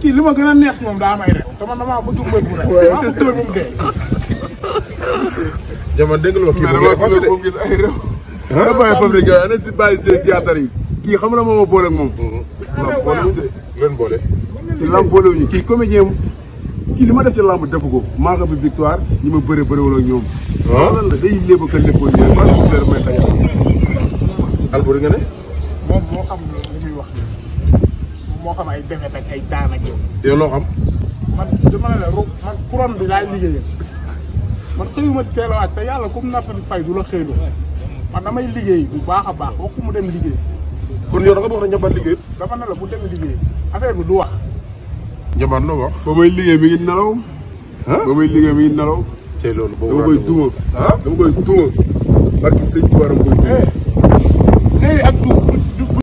kii li ma gën a neex ci moom daa may rek te man damaa bëgg mbër maa bëgg mbër bu mu dee. jamono dégg nga kii boobu gis ay réew. ah bàyyi fabrique yi ana si bàyyi seen jaatar kii xam na moom moo boole moom. lamb boole wuñ de kii comédien li ma def ci lamb defu ko maa ko bi victoire ñi ma bëre bëre wala ñoom. waaw lan la day lépp que lépp lépp lépp man su may xayma. alburi nga ne. moom moo xam lu muy wax. moo xam ay defet ak ay daan ak yow. yow loo xam. man la ru man couronne bi laay liggéeyal man xëyuma teelawaat te yàlla comme nattan fay du la xëylu man damay liggéey bu baax a baax waxu mu dem liggéey. kon yow da nga wax ne njabaan liggéey. la bu dem liggéey affaire bi du wax. njabaan la wax. ba may liggéey mi ngi nelaw. ba may liggéey mi ngi nelaw. tey loolu boobu dama koy duma. dama koy duma. parce que sëñ bi waram koy duma. Eh,